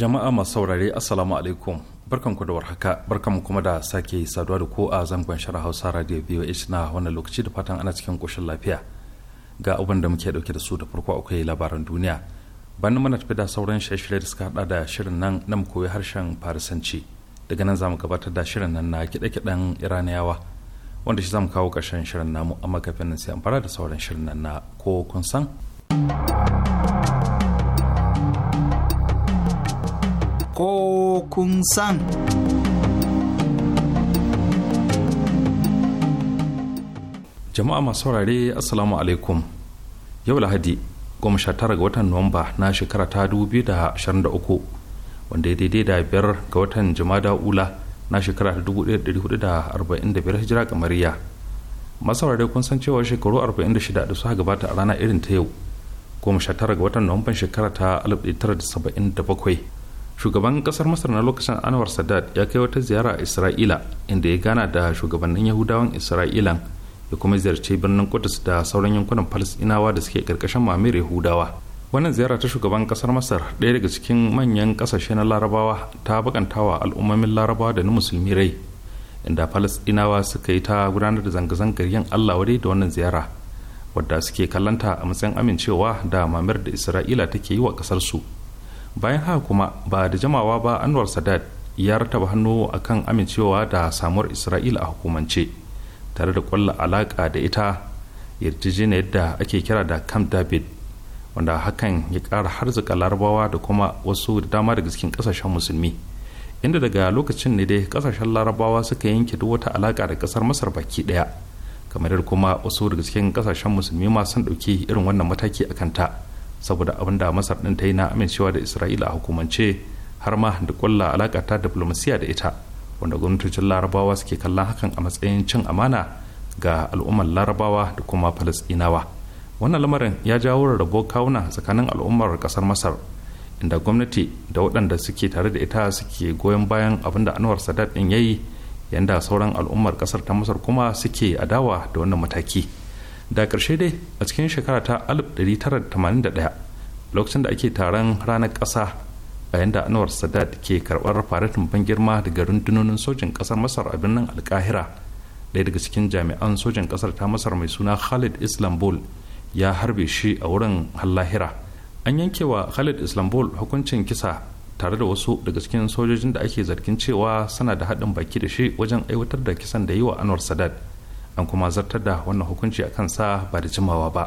jama'a masu saurare assalamu alaikum ku da warhaka mu kuma da sake saduwa da ko a zangon shara hausa radio voh na wannan lokaci da fatan ana cikin koshin lafiya ga abin da muke dauke da su da farko akwai labaran duniya ban mana tafi da sauran shirye-shirye da suka hada da shirin nan na mu koyi harshen farisanci daga nan zamu gabatar da shirin nan na kiɗe-kiɗen iraniyawa wanda shi zamu kawo ƙarshen shirin namu amma kafin nan sai an fara da sauran shirin nan na ko kun san ko kun san. Jama'a masu saurare Assalamu alaikum. Yau Lahadi, goma sha tara ga watan Nuwamba na shekara ta dubu biyu da ashirin da uku, wanda ya daidai da biyar ga watan Jumada Ula na shekara ta dubu ɗaya da hudu da arba'in da biyar hijira kamariya. Masu saurare kun san cewa shekaru arba'in da shida da suka gabata a rana irin ta yau, goma sha tara ga watan Nuwamban shekara ta alif ɗaya tara da saba'in da bakwai. shugaban kasar masar na lokacin anwar sadat ya kai wata ziyara a isra'ila inda ya gana da shugabannin yahudawan isra'ilan ya kuma ziyarci birnin kudus da sauran yankunan palestinawa da suke karkashin mamayar yahudawa wannan ziyara ta shugaban kasar masar ɗaya daga cikin manyan ƙasashe na larabawa ta bakantawa al'ummomin larabawa da na musulmi rai inda palestinawa suka yi ta gudanar da zanga-zangar yin allah wadai da wannan ziyara wadda suke kallanta a matsayin amincewa da mamir da isra'ila take yi wa kasarsu. bayan haka kuma ba da jamawa ba anwar sadat ya rataba hannu akan amincewa da samuwar isra'ila a hukumance tare da kwalla alaƙa da ita yarjejeniyar da ake kira da camp david wanda hakan ya ƙara harzuka larabawa da kuma wasu da dama daga cikin ƙasashen musulmi inda daga lokacin ne dai ƙasashen larabawa suka yanke duk wata alaƙa da ƙasar masar baki ɗaya kamar kuma wasu daga cikin ƙasashen musulmi ma sun ɗauki irin wannan mataki a kanta saboda abin da masar ɗin ta yi na amincewa da isra'ila a hukumance har ma da kwalla alaƙa ta diplomasiya da ita wanda gwamnatocin larabawa suke kallon hakan a matsayin cin amana ga al'ummar larabawa da kuma falasɗinawa wannan lamarin ya jawo rarrabo kawuna tsakanin al'ummar ƙasar masar inda gwamnati da waɗanda suke tare da ita suke goyon bayan abin da anwar sadat ɗin ya yi yanda sauran al'ummar ƙasar ta masar kuma suke adawa da wannan mataki da ƙarshe dai a cikin shekara ta 1981 lokacin da ake taron ranar ƙasa a yadda anwar sadat ke karɓar faratin ban girma daga rundunonin sojin ƙasar masar a birnin alkahira ɗaya daga cikin jami'an sojin ƙasar ta masar mai suna khalid islambol ya harbe shi a wurin hallahira an yanke wa khalid islambol hukuncin kisa tare da wasu daga cikin sojojin da ake zargin cewa suna da haɗin baki da shi wajen aiwatar da kisan da yi wa anwar sadat an kuma zartar da wannan hukunci a kansa ba da jimawa ba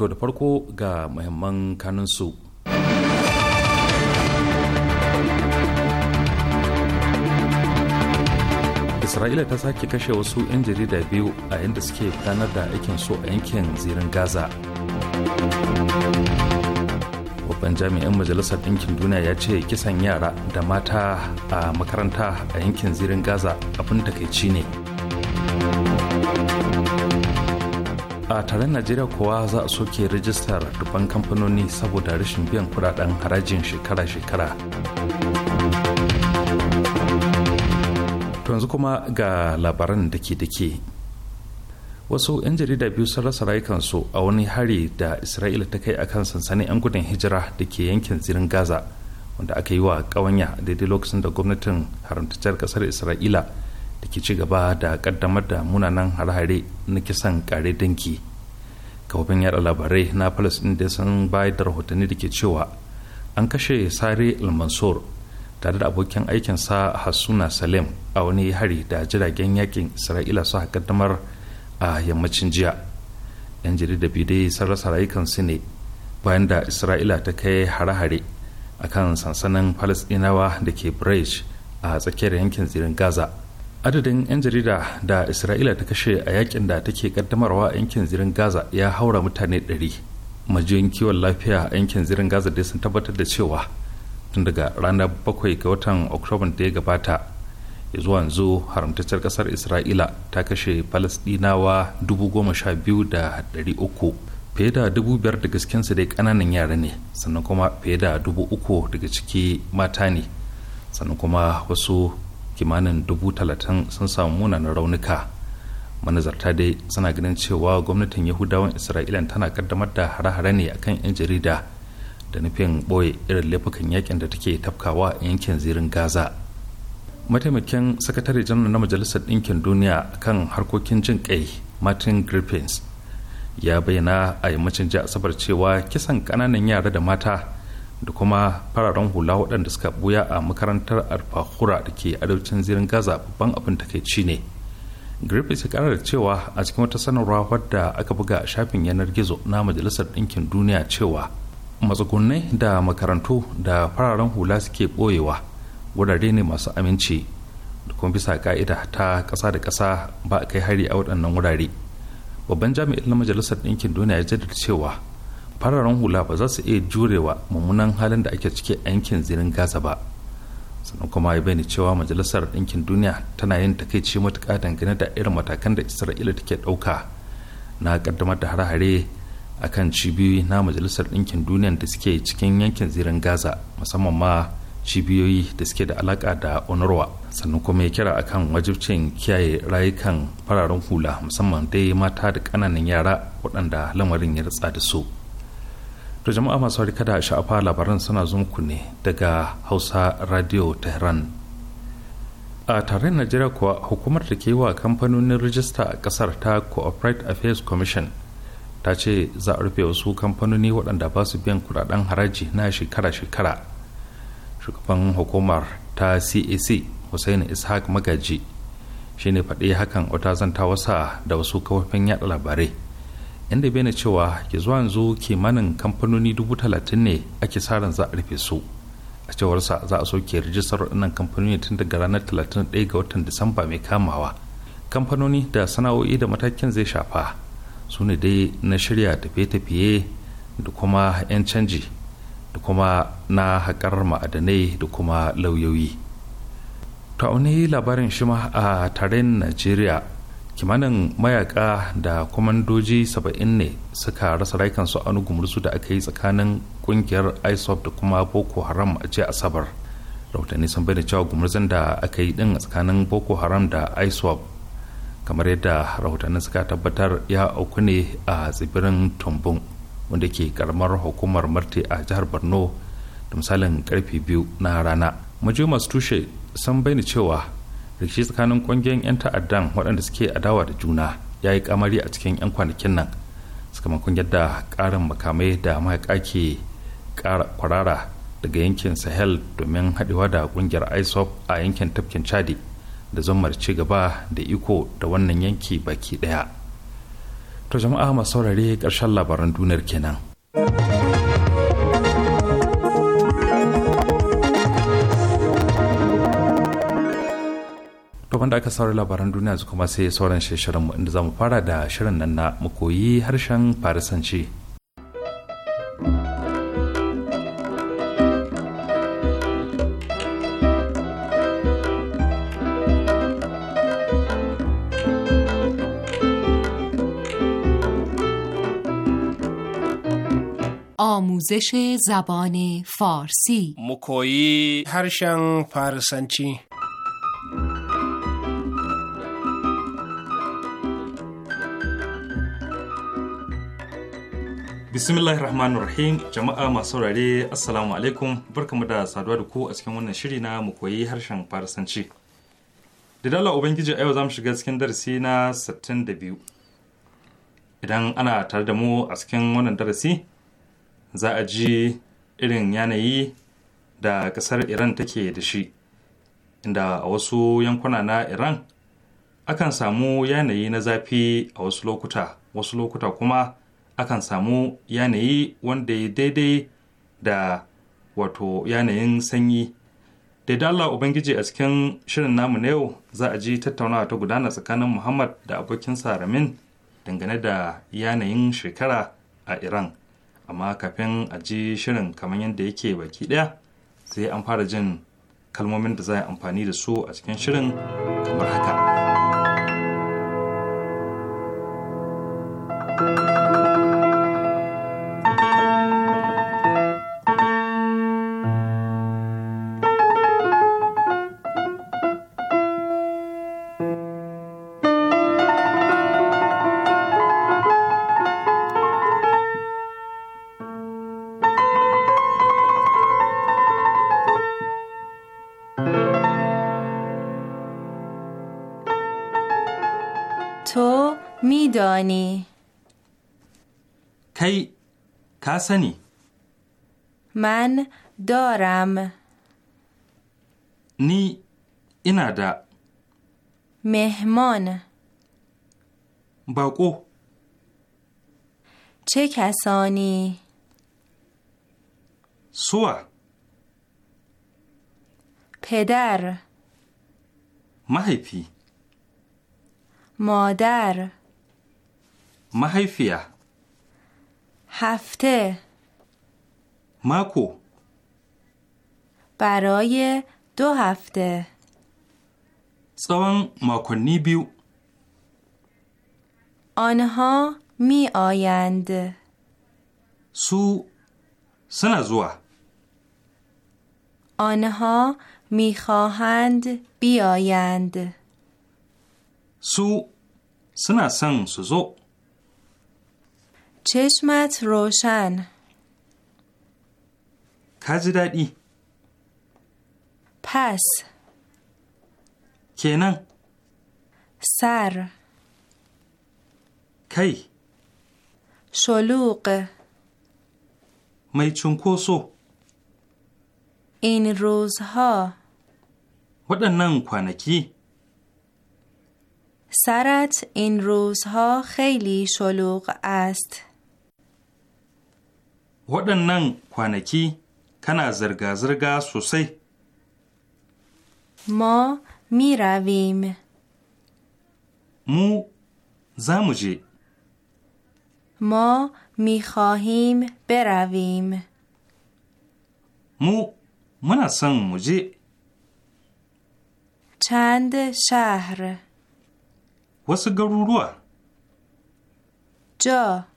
To da farko ga muhimman kaninsu. Isra'ila ta sake kashe wasu 'yan jarida biyu a yadda suke gudanar da aikin so a yankin zirin Gaza. Babban jami'in Majalisar Ɗinkin Duniya ya ce kisan yara da mata a makaranta a yankin zirin Gaza abin takaici ne. a tare najeriya kowa za a soke rijistar dubban kamfanoni saboda rashin biyan kudaden harajin shekara-shekara yanzu kuma ga labaran da ke dake wasu 'yan jarida biyu sun rasa rayukansu a wani hari da isra'ila ta kai akan sansanin 'yan gudun hijira da ke yankin zirin gaza wanda aka yi wa kawanya daidai lokacin da gwamnatin haramtacciyar kasar isra'ila da ke ci gaba da kaddamar da munanan hare na kisan kare dinki kafofin yada labarai na din da sun bayar da rahotanni da ke cewa an kashe sare al-mansur tare da abokin aikinsa Hasuna salem a wani hari da jiragen yakin isra'ila su kaddamar a yammacin jiya yan jarida bidai sun rasa rayukansu ne bayan da isra'ila ta kai hare-hare a kan sansanin palestinawa da ke bridge a tsakiyar yankin tsirin gaza adadin 'yan jarida da isra'ila ta kashe a yakin da take kaddamarwa a yankin zirin gaza ya haura mutane 100 majiyoyin kiwon lafiya a yankin zirin gaza dai sun tabbatar da cewa tun daga ranar 7 ga watan oktoban da ya gabata zuwa yanzu haramtaccen kasar isra'ila ta kashe falasdinawa 12,300 fiye da 5,000 daga cikinsu dai kananan yara ne sannan kuma fiye da 3,000 daga ciki mata ne sannan kuma wasu kimanin dubu talatin sun samu munanan raunuka manazarta dai suna ganin cewa gwamnatin yahudawan isra'ilan tana kaddamar da hare-hare ne akan 'yan jarida da nufin boye irin laifukan yakin da take tafkawa a yankin zirin gaza mataimakin sakatare janar na majalisar ɗinkin duniya kan harkokin jin kai martin griffins ya bayyana a yammacin ji asabar cewa kisan ƙananan yara da mata da kuma fararen hula waɗanda suka buya a makarantar alfahura da ke arewacin zirin gaza babban abin takaici ne griffith ya kara da cewa a cikin wata sanarwa wadda aka buga a shafin yanar gizo na majalisar ɗinkin duniya cewa matsugunai da makarantu da fararen hula suke ɓoyewa wurare ne masu aminci da kuma bisa ka'ida ta ƙasa da ƙasa ba a kai hari a waɗannan wurare babban jami'in na majalisar ɗinkin duniya ya jaddada cewa fararen hula ba za su iya jurewa mummunan halin da ake cike a yankin zirin gaza ba sannan kuma ya bayyana cewa majalisar ɗinkin duniya tana yin takaici matuƙa dangane da irin matakan da isra'ila take ɗauka na ƙaddamar da hare-hare a kan cibiyoyi na majalisar ɗinkin duniya da suke cikin yankin zirin gaza musamman ma cibiyoyi da suke da alaƙa da onarwa sannan kuma ya kira akan wajibcin kiyaye rayukan fararen hula musamman dai mata da ƙananan yara waɗanda lamarin ya ritsa da su. To jama'a masu kada da sha'afa labaran suna zunku ne daga Hausa Radio Tehran. A tarayyar Najeriya kuwa hukumar da ke yi wa kamfanonin rijista a kasar ta Corporate Affairs Commission ta ce za a rufe wasu kamfanoni waɗanda ba su biyan kudaden haraji na shekara-shekara. Shugaban hukumar ta CAC Hussein Ishaq Magaji shine faɗi hakan wata zanta wasa da wasu kafofin yaɗa labarai. inda bai na cewa ke zuwa yanzu kimanin kamfanoni dubu talatin ne ake sa ran za a rufe su a cewarsa za a soke rijistar wadannan kamfanoni tun daga ranar 31 ga watan disamba mai kamawa kamfanoni da sana'o'i da matakin zai shafa su ne dai na shirya tafiye-tafiye da kuma 'yan canji da kuma na haƙar ma'adanai da kuma lauyoyi ta labarin shima a tarayyar najeriya kimanin mayaka da kwamandoji 70 ne suka rasa raikansu a wani da aka yi tsakanin kungiyar isop da kuma boko haram a jiya asabar rahotanni sun bayyana cewa gumurzun da aka yi din a tsakanin boko haram da isop kamar yadda rahotanni suka tabbatar ya auku ne a tsibirin tumbun wanda ke karamar hukumar marti a jihar borno da misalin karfe biyu na rana majiyoyi masu tushe sun bayyana cewa rikici tsakanin kungiyoyin 'yan ta'addan waɗanda suke adawa da juna ya yi kamari a cikin 'yan kwanakin nan sakamakon yadda ƙarin makamai da mayaƙa ke kwarara daga yankin sahel domin haɗewa da ƙungiyar isop a yankin tafkin chadi da zammar ci gaba da iko da wannan yanki baki ɗaya to jama'a masu saurare ƙarshen labaran duniyar kenan. da aka saurari labaran duniya su kuma sai sauran shirin mu inda za mu fara da shirin nan na harshen farisanci. آموزش زبان فارسی مکویی هرشن فارسنچی bismillahir rahmanir rahim jama'a masu saurare assalamu alaikum barkamu da saduwa da ku a cikin wannan shiri na mu koyi harshen farisanci da dala ubangiji a yau za mu shiga cikin darasi na da biyu. idan ana tare da mu a cikin wannan darasi za a ji irin yanayi da kasar iran take da shi inda a wasu yankuna na iran akan samu yanayi na zafi a wasu lokuta wasu lokuta kuma akan samu yanayi wanda ya daidai da wato yanayin sanyi da Allah Ubangiji a cikin shirin namu na yau za a ji tattaunawa ta gudana tsakanin Muhammad da abokin Ramin dangane da yanayin shekara a Iran. Amma kafin a ji shirin kamar yadda yake baki ɗaya sai an fara jin kalmomin da za a amfani da su a cikin shirin kamar haka. کی کسانی؟ من دارم نی اینا مهمان باقو چه کسانی سوا پدر مهیفی مادر مهیفیه هفته ماکو برای دو هفته سوان ماکنی بیو آنها می آیند سو سنزوه آنها میخواهند بیایند سو سنا سن سوزو چشمت روشن کجدادی پس کنن سر کی شلوغ می کوسو، این روزها ودنن کنکی؟ سرت این روزها خیلی شلوغ است. waɗannan kwanaki kana zirga-zirga sosai. Ma miravim. Mu za mu je. Ma mikhahim beravim. Mu muna son mu je. چند wasu garuruwa. jo.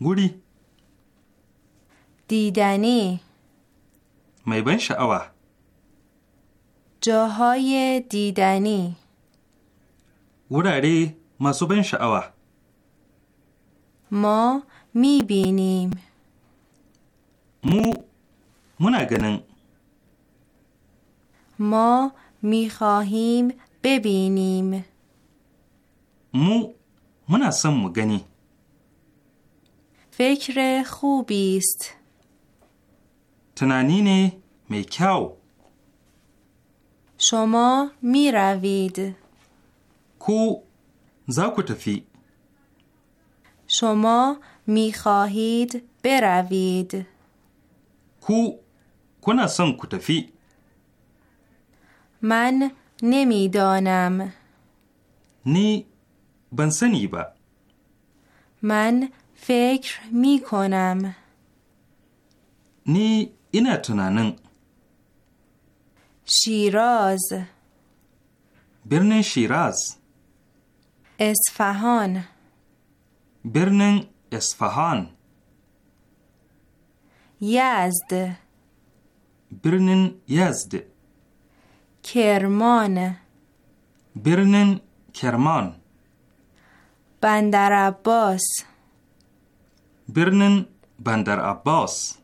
guri didane mai ban sha'awa jahoye didane wurare masu ban sha'awa ma mi binim mu muna ganin ma mi khahim ببینیم مو منا سم گنی فکر خوبی است. تنانین میکاو شما می روید. کو تفی شما می خواهید بروید. کو کنا سن کتفی من نمیدانم. نی بنسنی با من فکر می کنم نی این تنانن شیراز برن شیراز اصفهان برن اصفهان یزد برنن یزد کرمان برنن کرمان بندر عباس birnin Bandar Abbas.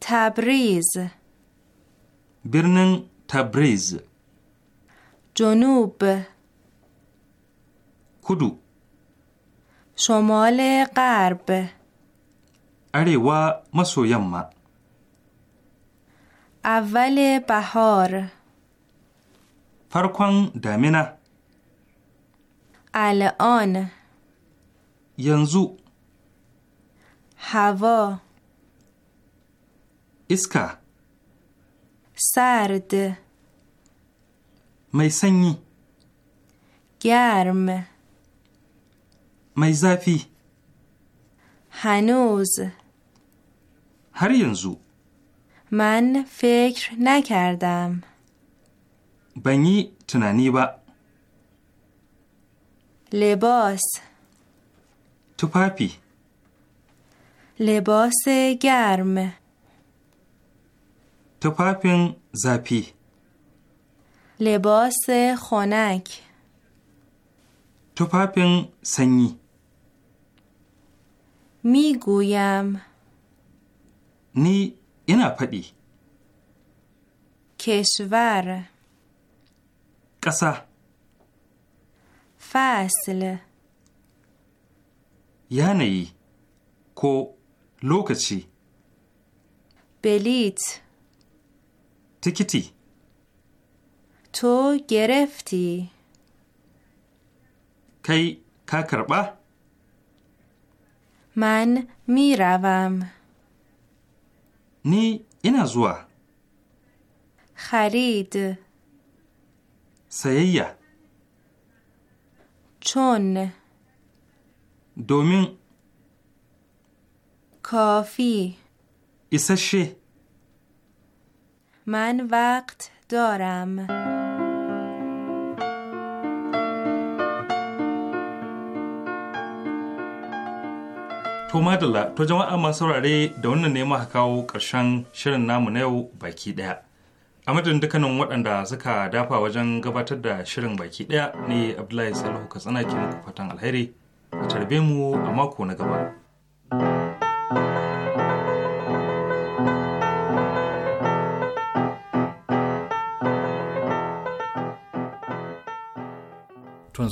Tabriz. Birnin Tabriz. Junub. Kudu. Shomale Garb. Arewa maso yamma. اول بهار فرقان دامنا الان Yanzu. هوا اسکا سرد میسنی گرم میزافی هنوز هر ینزو من فکر نکردم بنی تنانی با لباس تو پاپی. لباس گرم پاپین زپی لباس خنک پاپین سنی میگویم نی اینا پدی کشور قصه فصل یعنی کو لوکچی بلیت تیکتی تو گرفتی کی کا کربا من میروم نی اینا زوا خرید سیه چون دومین کافی ایسشه من وقت دارم To madalla, to jama'a masu saurare da wannan neman muka kawo ƙarshen shirin namu na yau baki ɗaya. A madadin dukkanin waɗanda suka dafa wajen gabatar da shirin baki ɗaya ne Abdullahi Salihu Katsina ke muku fatan alheri. A tarbe mu a mako na gaba.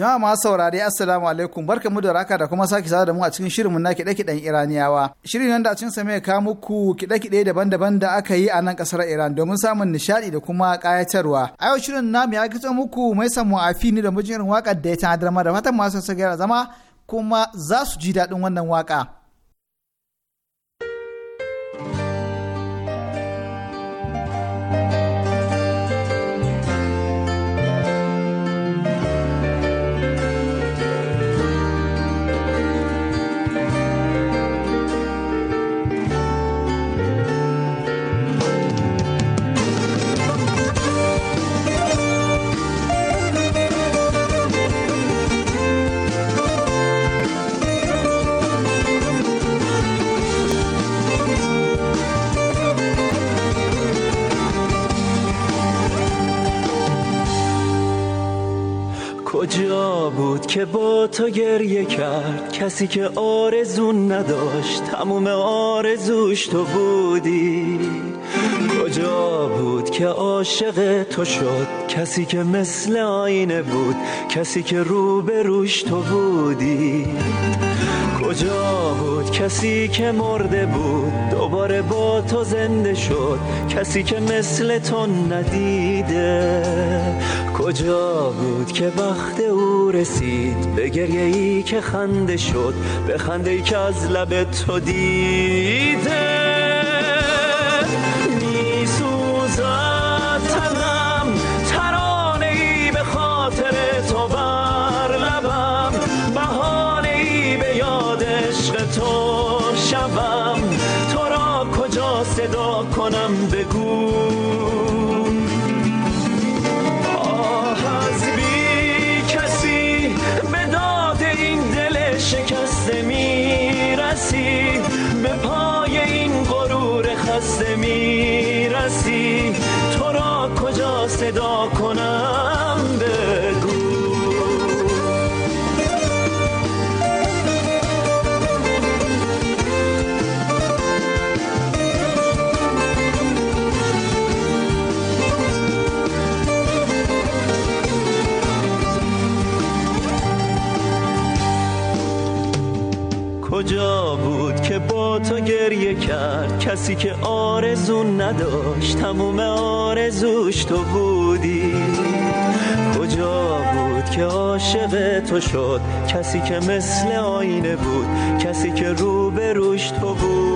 jama'a masu saurare assalamu alaikum mu da raka da kuma sake sada da mu a cikin shirinmu na kiɗe-kiɗen iraniyawa shirin nan da cin sa ka muku kiɗe-kiɗe daban-daban da aka yi a nan ƙasar iran domin samun nishaɗi da kuma kayatarwa. a yau shirin namu ya kitso muku mai samu afi ni da mijin irin da ya tana da fatan masu sa zama kuma za su ji daɗin wannan waka. کجا بود که با تو گریه کرد کسی که آرزون نداشت تموم آرزوش تو بودی کجا بود که عاشق تو شد کسی که مثل آینه بود کسی که روبروش تو بودی کجا بود کسی که مرده بود دوباره با تو زنده شد کسی که مثل تو ندیده کجا بود که وقت او رسید به گریه ای که خنده شد به خنده ای که از لب تو دیده کسی که آرزو نداشت تموم آرزوش تو بودی کجا بود که عاشق تو شد کسی که مثل آینه بود کسی که روبروش تو بود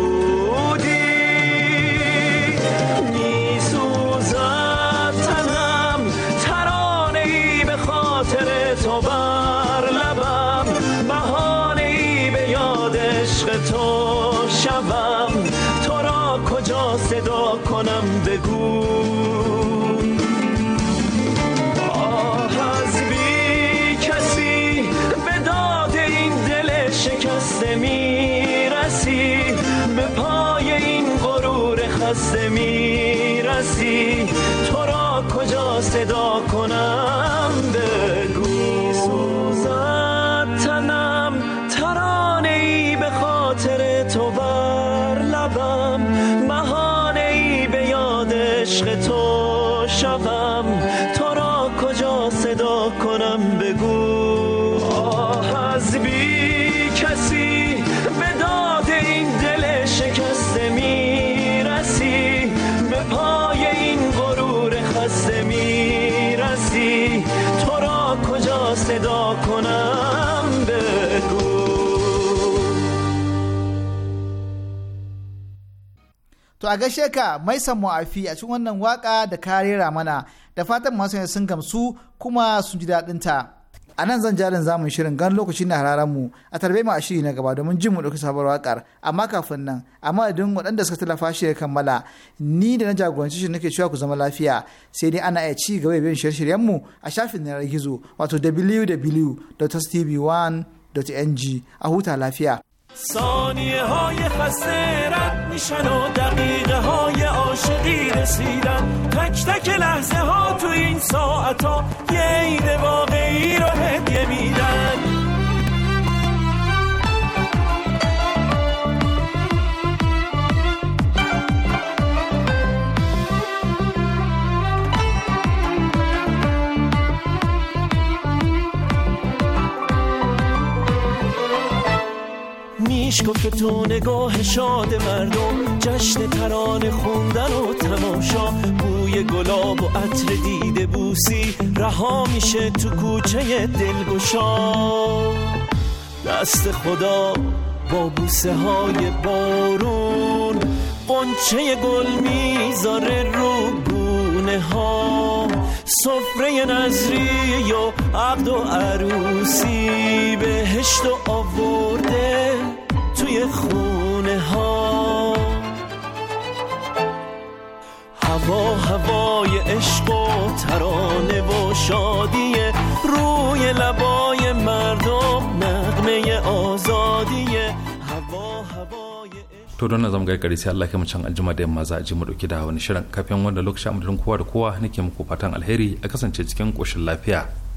To a gaishe ka mai samu a cikin wannan waka da ka rera mana da fatan masu sun gamsu kuma sun ji daɗin ta. A nan zan jarin zamun shirin gan lokaci na hararen mu a tarbe mu a shiri na gaba domin jin mu ɗauki sabuwar wakar amma kafin nan amma idan waɗanda suka tallafa shi ya kammala ni da na jagoranci shi nake cewa ku zama lafiya sai dai ana iya ci gaba da bin shirye-shiryen mu a shafin na gizo wato www.tv1.ng a huta lafiya. ثانیه های خسته رد میشن و دقیقه های عاشقی رسیدن تک تک لحظه ها تو این ساعت ها یه عید واقعی تو نگاه شاد مردم جشن تران خوندن و تماشا بوی گلاب و عطر دیده بوسی رها میشه تو کوچه دلگشا دست خدا با بوسه های بارون قنچه گل میذاره رو گونه ها سفره نظری و عقد و عروسی بهشت و خونه ها هوا هوای عشق و ترانه و شادی روی لبای مردم نغمه آزادی هوا هوای to don zama gargari sai Allah mu can anjima da yamma za a ji mu dauki da wani shirin kafin wanda lokacin amurin kowa da kowa nake muku fatan alheri a kasance cikin koshin lafiya